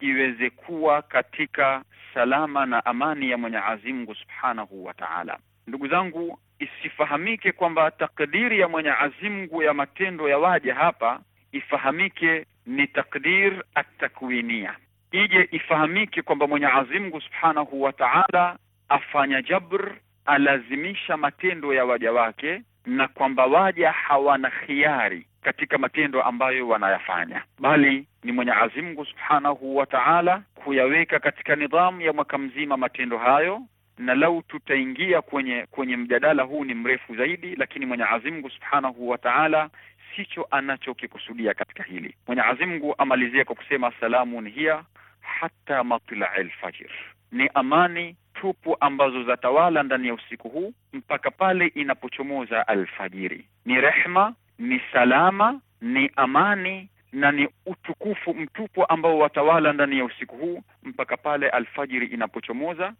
S4: iweze kuwa katika salama na amani ya Mwenyezi Mungu Subhanahu wa Ta'ala. Ndugu zangu, isifahamike kwamba takdiri ya Mwenyezi Mungu ya matendo ya waja hapa, ifahamike ni takdir atakwinia, ije ifahamike kwamba Mwenyezi Mungu subhanahu wa taala afanya jabr, alazimisha matendo ya waja wake, na kwamba waja hawana khiari katika matendo ambayo wanayafanya, bali ni Mwenyezi Mungu subhanahu wa taala kuyaweka katika nidhamu ya mwaka mzima matendo hayo na lau tutaingia kwenye kwenye mjadala huu ni mrefu zaidi, lakini Mwenyezi Mungu Subhanahu wa Ta'ala sicho anachokikusudia katika hili. Mwenyezi Mungu amalizia kwa kusema salamun hiya hata matlai lfajir ni amani tupu ambazo zatawala ndani ya usiku huu mpaka pale inapochomoza alfajiri. Ni rehma, ni salama, ni amani na ni utukufu mtupu ambao watawala ndani ya usiku huu mpaka pale alfajiri inapochomoza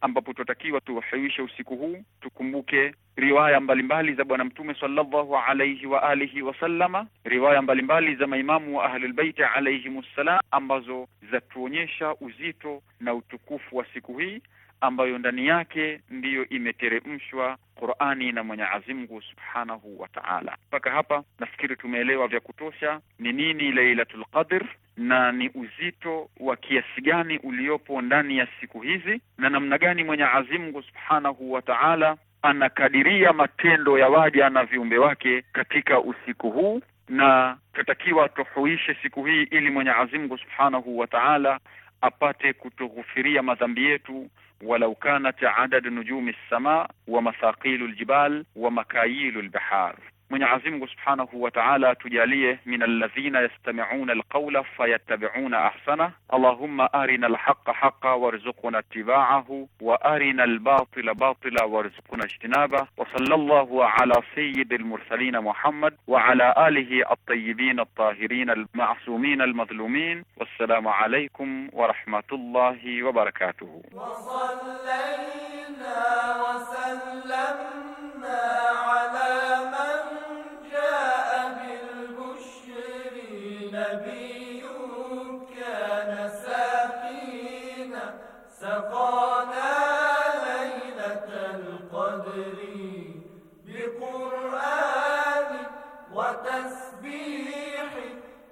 S4: ambapo tutakiwa tuuhewishe usiku huu, tukumbuke riwaya mbalimbali za Bwana Mtume sallallahu alaihi wa alihi wasallama, riwaya mbalimbali za maimamu wa Ahlulbeiti alayhimussalam ambazo zatuonyesha uzito na utukufu wa siku hii ambayo ndani yake ndiyo imeteremshwa Qur'ani na Mwenyezi Mungu Subhanahu wa Ta'ala. Mpaka hapa nafikiri tumeelewa vya kutosha ni nini Lailatul Qadr na ni uzito wa kiasi gani uliopo ndani ya siku hizi na namna gani Mwenyezi Mungu Subhanahu wa Ta'ala anakadiria matendo ya waja na viumbe wake katika usiku huu, na tutakiwa tuhuishe siku hii ili Mwenyezi Mungu Subhanahu wa Ta'ala apate kutughufiria madhambi yetu walau kanat adadu nujumi lsama wa mathaqilu ljibal wa makayilu lbahar Mwenyezi Mungu Subhanahu wa Ta'ala tujalie minal ladhina yastami'una alqawla fayattabi'una ahsana Allahumma arina alhaqqa haqqa warzuqna ittiba'ahu wa arina albatila batila warzuqna ijtinaba wa sallallahu ala sayyidil mursalin Muhammad wa ala alihi at-tayyibin at-tahirin al-ma'sumin al-mazlumin wassalamu alaykum wa rahmatullahi wa barakatuh wa
S2: sallallahu wa sallamna ala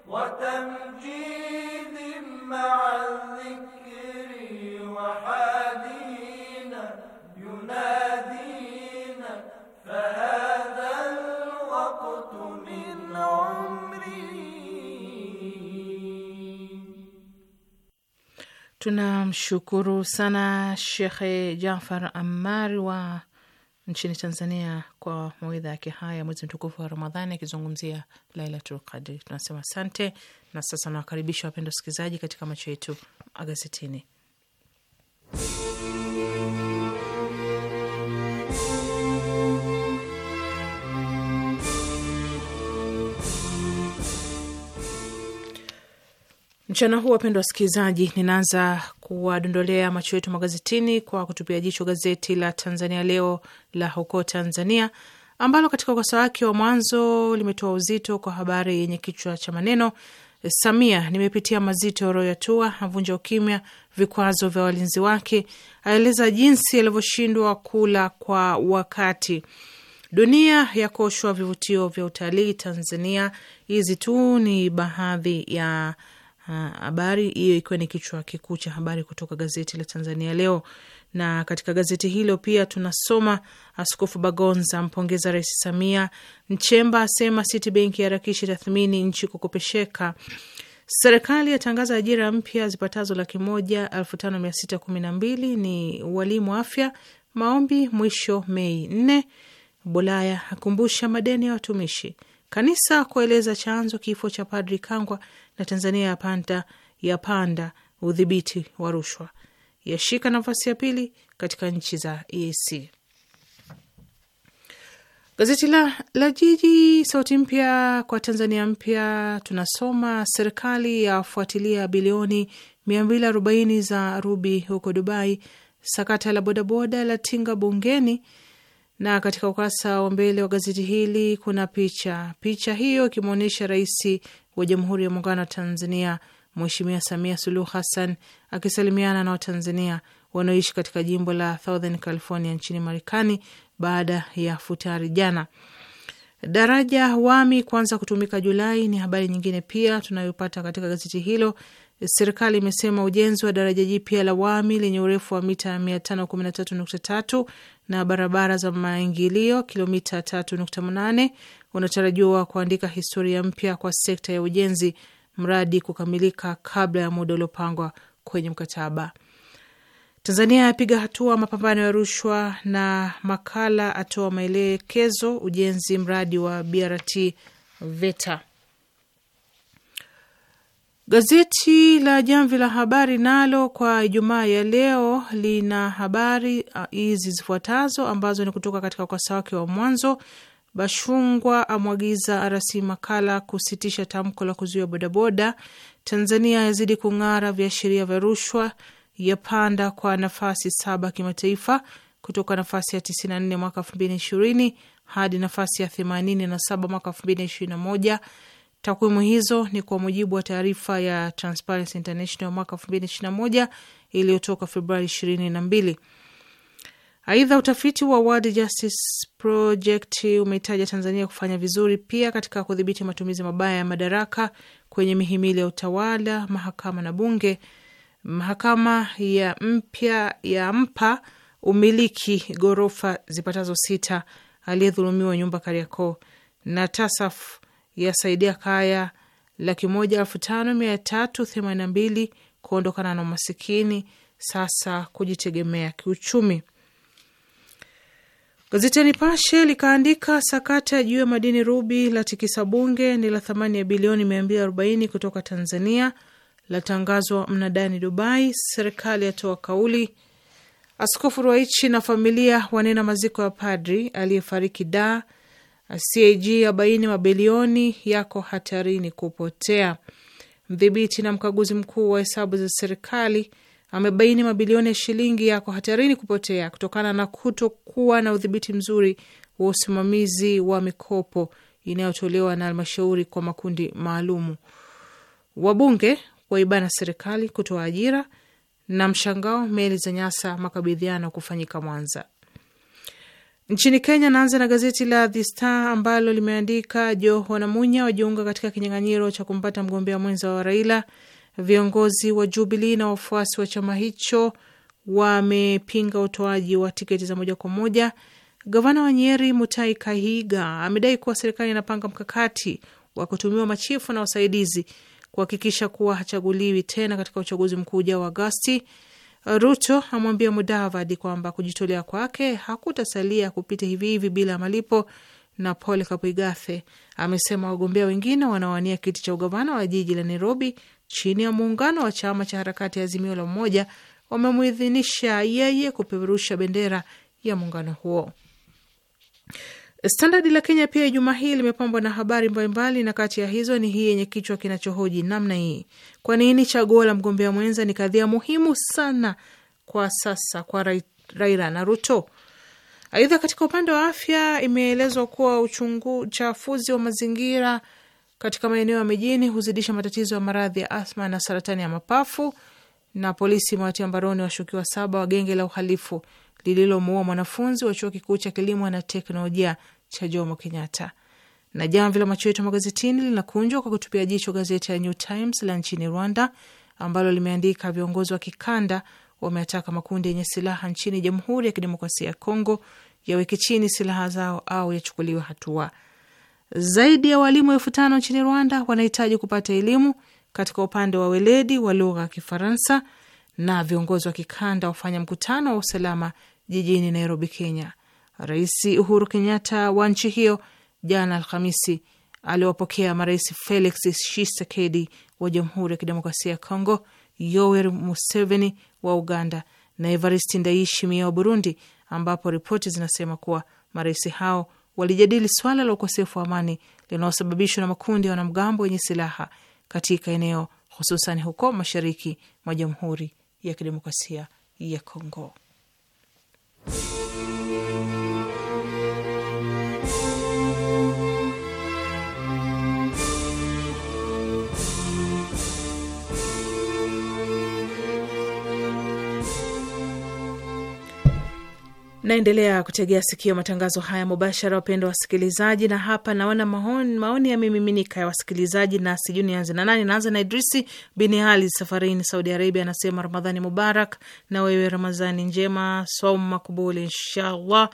S2: وتمجيد مع الذكر وحادين ينادينا فهذا الوقت من عمري
S3: شكر سنة شيخ جعفر أمار و nchini Tanzania kwa mawaidha yake haya mwezi mtukufu wa Ramadhani akizungumzia Lailatul Qadri. Tunasema asante, na sasa nawakaribisha wapenda wasikilizaji katika macho yetu magazetini. Mchana huu wapendwa wasikilizaji, ninaanza kuwadondolea macho yetu magazetini kwa kutupia jicho gazeti la Tanzania Leo la huko Tanzania, ambalo katika ukurasa wake wa mwanzo limetoa uzito kwa habari yenye kichwa cha maneno Samia, nimepitia mazito royatua, avunja ukimya vikwazo vya walinzi wake, aeleza jinsi alivyoshindwa kula kwa wakati. Dunia yakoshwa vivutio vya utalii Tanzania. Hizi tu ni baadhi ya Habari hiyo ikiwa ni kichwa kikuu cha habari kutoka gazeti la Tanzania Leo. Na katika gazeti hilo pia tunasoma Askofu Bagonza ampongeza Rais Samia, Nchemba asema Citibank iharakishi tathmini nchi kukopesheka, serikali yatangaza ajira mpya zipatazo laki moja elfu tano mia sita kumi na mbili ni walimu afya, maombi mwisho Mei nne. Bulaya akumbusha madeni ya watumishi Kanisa kueleza chanzo kifo cha Padri Kangwa na Tanzania ya yapanda udhibiti wa rushwa, yashika nafasi ya pili katika nchi za EAC. Gazeti la, la Jiji, sauti mpya kwa Tanzania mpya, tunasoma serikali yafuatilia bilioni 240 za rubi huko Dubai. Sakata la bodaboda la tinga bungeni na katika ukurasa wa mbele wa gazeti hili kuna picha, picha hiyo ikimwonyesha Rais wa Jamhuri ya Muungano wa Tanzania Mheshimiwa Samia Suluhu Hassan akisalimiana na Watanzania wanaoishi katika jimbo la Southern California nchini Marekani baada ya futari jana. Daraja wami kuanza kutumika Julai ni habari nyingine pia tunayopata katika gazeti hilo, serikali imesema ujenzi wa daraja jipya la Wami lenye urefu wa mita 513.3 na barabara za maingilio kilomita 3.8 unatarajiwa kuandika historia mpya kwa sekta ya ujenzi, mradi kukamilika kabla ya muda uliopangwa kwenye mkataba. Tanzania yapiga hatua mapambano ya rushwa, na makala atoa maelekezo ujenzi mradi wa BRT VETA. Gazeti la Jamvi la Habari nalo kwa Ijumaa ya leo lina habari uh, hizi zifuatazo ambazo ni kutoka katika ukurasa wake wa mwanzo. Bashungwa amwagiza RC Makala kusitisha tamko la kuzuia bodaboda. Tanzania yazidi kung'ara viashiria vya rushwa, yapanda kwa nafasi saba kimataifa kutoka nafasi ya 94 mwaka 2020 hadi nafasi ya 87 mwaka 2021. Takwimu hizo ni kwa mujibu wa taarifa ya Transparency International mwaka moja iliyotoka Februari mbili. Aidha, utafiti wa World Justice Project umeitaja Tanzania kufanya vizuri pia katika kudhibiti matumizi mabaya ya madaraka kwenye mihimili ya utawala, mahakama na bunge. Mahakama ya mpya ya mpa umiliki ghorofa zipatazo sita aliyedhulumiwa nyumba Kariakoo, na TASAF yasaidia kaya laki moja elfu tano mia tatu themanini na mbili kuondokana na umasikini sasa kujitegemea kiuchumi. Gazeti ya Nipashe likaandika sakata juu ya madini rubi la tikisa bunge ni la thamani ya bilioni arobaini kutoka Tanzania latangazwa mnadani Dubai. Serikali yatoa kauli. Askofu Ruwaichi na familia wanena maziko ya padri aliyefariki da CAG abaini mabilioni yako hatarini kupotea. Mdhibiti na mkaguzi mkuu wa hesabu za serikali amebaini mabilioni ya shilingi yako hatarini kupotea kutokana na kutokuwa na udhibiti mzuri wa usimamizi wa mikopo inayotolewa na halmashauri kwa makundi maalumu. Wabunge waibana serikali kutoa ajira, na mshangao meli za Nyasa makabidhiano kufanyika Mwanza. Nchini Kenya, naanza na gazeti la The Star ambalo limeandika Joho na Munya wajiunga katika kinyang'anyiro cha kumpata mgombea mwenza wa Raila. Viongozi wa Jubilii na wafuasi wa chama hicho wamepinga utoaji wa tiketi za moja kwa moja. Gavana wa Nyeri Mutai Kahiga amedai kuwa serikali inapanga mkakati wa kutumiwa machifu na wasaidizi kuhakikisha kuwa hachaguliwi tena katika uchaguzi mkuu ujao wa Agasti. Ruto amwambia Mudavadi kwamba kujitolea kwake hakutasalia kupita hivi hivi bila malipo, na Paul kapuigafe amesema wagombea wengine wanawania kiti cha ugavana wa jiji la Nairobi chini ya muungano wa chama cha harakati ya Azimio la Umoja wamemuidhinisha yeye kupeperusha bendera ya muungano huo. Standard la Kenya pia juma hii limepambwa na habari mbalimbali, na kati ya hizo ni hii yenye kichwa kinachohoji namna hii: kwa nini chaguo la mgombea mwenza ni kadhia muhimu sana kwa sasa kwa Raila na Ruto? Aidha, katika upande wa afya imeelezwa kuwa uchungu uchafuzi wa mazingira katika maeneo ya mijini huzidisha matatizo ya maradhi ya asma na saratani ya mapafu. Na polisi imewatia mbaroni washukiwa saba wa genge la uhalifu lililomuua mwanafunzi wa chuo kikuu cha kilimo na teknolojia cha Jomo Kenyatta. Na jamvi la macho yetu magazetini linakunjwa kwa kutupia jicho gazeti ya New Times la nchini Rwanda, ambalo limeandika viongozi wa kikanda wameataka makundi yenye silaha nchini Jamhuri ya Kidemokrasia ya Kongo yaweke chini silaha zao au yachukuliwe hatua. Zaidi ya walimu elfu tano nchini Rwanda wanahitaji kupata elimu katika upande wa weledi wa lugha ya Kifaransa. Na viongozi wa kikanda wafanya mkutano wa usalama jijini Nairobi, Kenya. Rais Uhuru Kenyatta wa nchi hiyo jana Alhamisi aliwapokea marais Felix Tshisekedi wa Jamhuri ya Kidemokrasia ya Kongo, Yoweri Museveni wa Uganda na Evariste Ndayishimiye wa Burundi, ambapo ripoti zinasema kuwa marais hao walijadili swala la ukosefu wa amani linalosababishwa na makundi ya wanamgambo wenye silaha katika eneo hususan huko mashariki mwa Jamhuri ya Kidemokrasia ya Kongo. Naendelea kutegea sikio matangazo haya mubashara, wapendwa wasikilizaji, na hapa naona maoni, maoni yamemiminika ya wasikilizaji, na sijui nianze na nani. Naanza na Idrisi Bini Ali safarini Saudi Arabia, anasema Ramadhani Mubarak, na wewe Ramadhani njema, saumu makubuli inshallah.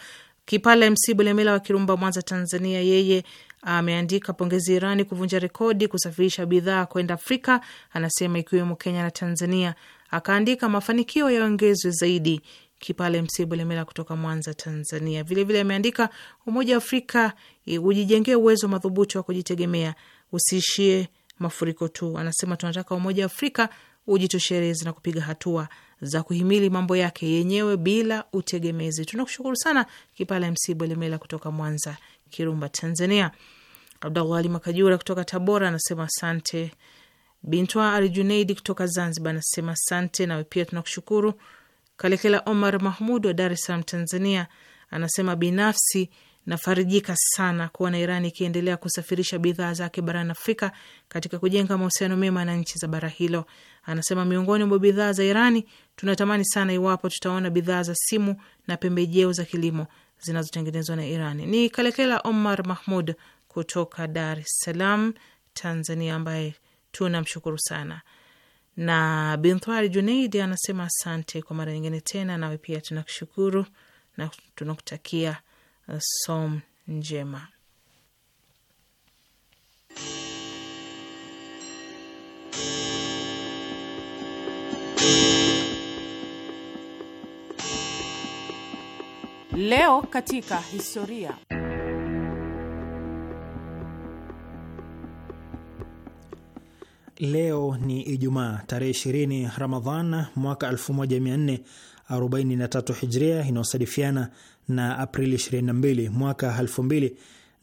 S3: Kipala MC Bulemela wa Kirumba, Mwanza, Tanzania, yeye ameandika pongezi Irani kuvunja rekodi kusafirisha bidhaa kwenda Afrika, anasema ikiwemo Kenya na Tanzania. Akaandika mafanikio yaongezwe zaidi Kipale Msibu Lemela kutoka Mwanza, Tanzania. Vilevile ameandika Umoja wa Afrika e, ujijengee uwezo madhubuti wa kujitegemea, usiishie mafuriko tu. Anasema tunataka Umoja wa Afrika ujitosheleze na kupiga hatua za kuhimili mambo yake yenyewe bila utegemezi. Tunakushukuru sana Kipale Msibu Lemela kutoka Mwanza, Kirumba, Tanzania. Abdallah Ali Makajura kutoka Tabora anasema asante. Bintwa Alijuneidi kutoka Zanzibar anasema asante, nawe pia tunakushukuru. Kalekela Omar Mahmud wa Dar es Salaam, Tanzania, anasema binafsi nafarijika sana kuona Iran ikiendelea kusafirisha bidhaa zake barani Afrika katika kujenga mahusiano mema na nchi za bara hilo. Anasema miongoni mwa bidhaa za Irani tunatamani sana iwapo tutaona bidhaa za simu na pembejeo za kilimo zinazotengenezwa na iran Ni Kalekela Omar Mahmud kutoka Dar es Salaam, Tanzania, ambaye tunamshukuru sana na Binthwari Junaidi anasema asante kwa mara nyingine tena. Nawe pia tunakushukuru na tunakutakia uh, som njema. Leo katika historia
S5: Leo ni Ijumaa tarehe 20 Ramadhan mwaka 1443 Hijria, inayosadifiana na Aprili 22 mwaka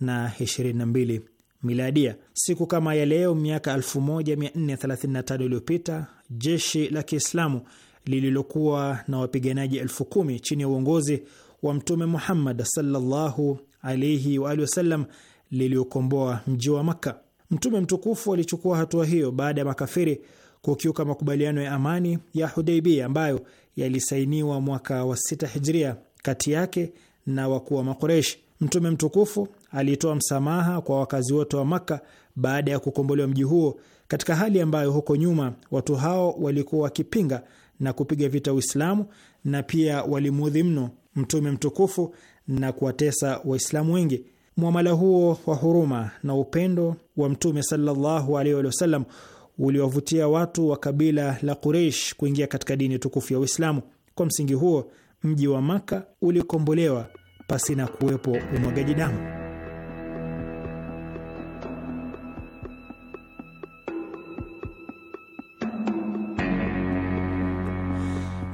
S5: 2022 Miladia. Siku kama ya leo miaka 1435 iliyopita jeshi la Kiislamu lililokuwa na wapiganaji elfu kumi chini ya uongozi wa Mtume Muhammad sallallahu alaihi wa alihi wasallam liliokomboa mji wa Makka. Mtume mtukufu alichukua hatua hiyo baada ya makafiri kukiuka makubaliano ya amani ya Hudaibia ambayo yalisainiwa mwaka wa sita hijria kati yake na wakuu wa Makureshi. Mtume mtukufu alitoa msamaha kwa wakazi wote wa Makka baada ya kukombolewa mji huo, katika hali ambayo huko nyuma watu hao walikuwa wakipinga na kupiga vita Uislamu na pia walimuudhi mno Mtume mtukufu na kuwatesa Waislamu wengi mwamala huo wa huruma na upendo wa Mtume sallallahu alaihi uliwavutia watu wa kabila la Quraish kuingia katika dini tukufu ya Uislamu. Kwa msingi huo, mji wa Maka ulikombolewa pasina kuwepo umwagaji damu.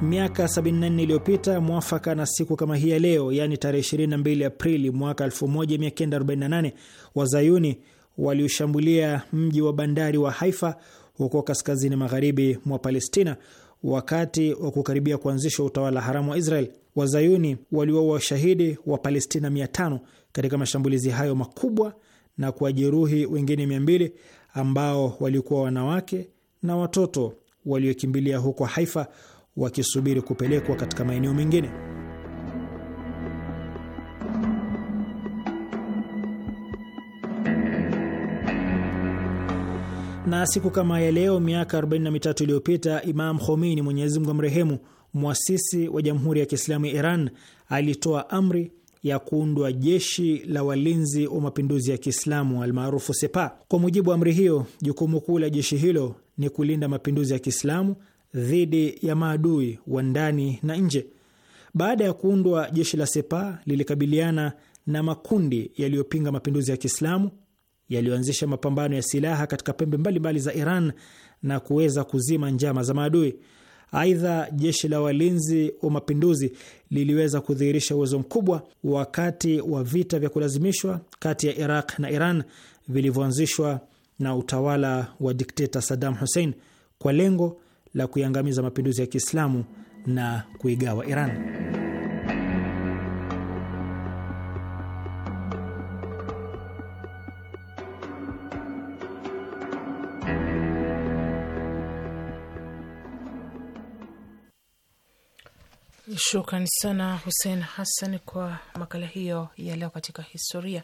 S5: miaka 74 iliyopita mwafaka na siku kama hii ya leo, yaani tarehe 22 Aprili mwaka 1948, wazayuni waliushambulia mji wa bandari wa Haifa huko kaskazini magharibi mwa Palestina wakati wa kukaribia kuanzishwa utawala haramu wa Israel. Wazayuni waliwaua washahidi wa Palestina 500 katika mashambulizi hayo makubwa na kuwajeruhi wengine 200 ambao walikuwa wanawake na watoto waliokimbilia huko Haifa wakisubiri kupelekwa katika maeneo mengine. Na siku kama ya leo miaka 43 iliyopita Imam Khomeini, Mwenyezi Mungu amrehemu, mwasisi wa Jamhuri ya Kiislamu ya Iran, alitoa amri ya kuundwa jeshi la walinzi wa mapinduzi ya Kiislamu almaarufu Sepa. Kwa mujibu wa amri hiyo, jukumu kuu la jeshi hilo ni kulinda mapinduzi ya Kiislamu dhidi ya maadui wa ndani na nje. Baada ya kuundwa jeshi la Sepa lilikabiliana na makundi yaliyopinga mapinduzi ya Kiislamu yaliyoanzisha mapambano ya silaha katika pembe mbalimbali mbali za Iran na kuweza kuzima njama za maadui. Aidha, jeshi la walinzi wa mapinduzi liliweza kudhihirisha uwezo mkubwa wakati wa vita vya kulazimishwa kati ya Iraq na Iran vilivyoanzishwa na utawala wa dikteta Saddam Hussein kwa lengo la kuiangamiza mapinduzi ya Kiislamu na kuigawa Iran.
S3: Shukran sana Hussein Hassan kwa makala hiyo ya leo katika historia.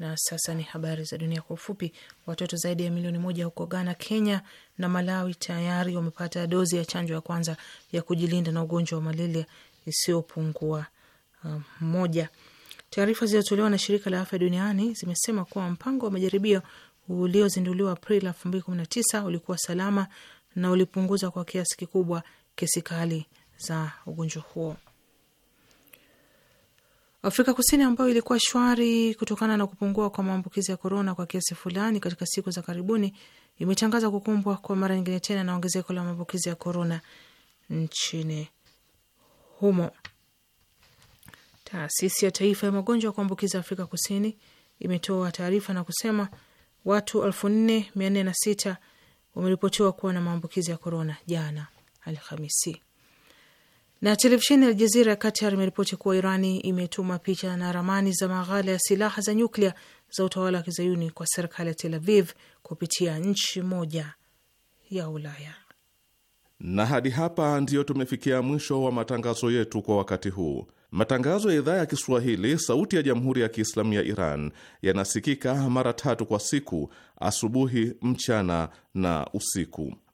S3: Na sasa ni habari za dunia kwa ufupi. Watoto zaidi ya milioni moja huko Ghana, Kenya na Malawi tayari wamepata dozi ya chanjo ya kwanza ya kujilinda na ugonjwa wa malaria isiyopungua um, moja. Taarifa zilizotolewa na shirika la afya duniani zimesema kuwa mpango wa majaribio uliozinduliwa Aprili elfu mbili kumi na tisa ulikuwa salama na ulipunguza kwa kiasi kikubwa kesi kali za ugonjwa huo. Afrika Kusini ambayo ilikuwa shwari kutokana na kupungua kwa maambukizi ya korona kwa kiasi fulani katika siku za karibuni, imetangaza kukumbwa kwa mara nyingine tena na ongezeko la maambukizi ya korona nchini humo. Taasisi ya Taifa ya Magonjwa ya Kuambukiza Afrika Kusini imetoa taarifa na kusema watu elfu nne mia nne na sita wameripotiwa kuwa na maambukizi ya korona jana Alhamisi. Na televisheni ya Aljazira ya katar imeripoti kuwa Irani imetuma picha na ramani za maghala ya silaha za nyuklia za utawala wa kizayuni kwa serikali ya Tel Aviv kupitia nchi moja ya Ulaya.
S1: Na hadi hapa ndiyo tumefikia mwisho wa matangazo yetu kwa wakati huu. Matangazo ya idhaa ya Kiswahili sauti ya jamhuri ya Kiislamu ya Iran yanasikika mara tatu kwa siku: asubuhi, mchana na usiku.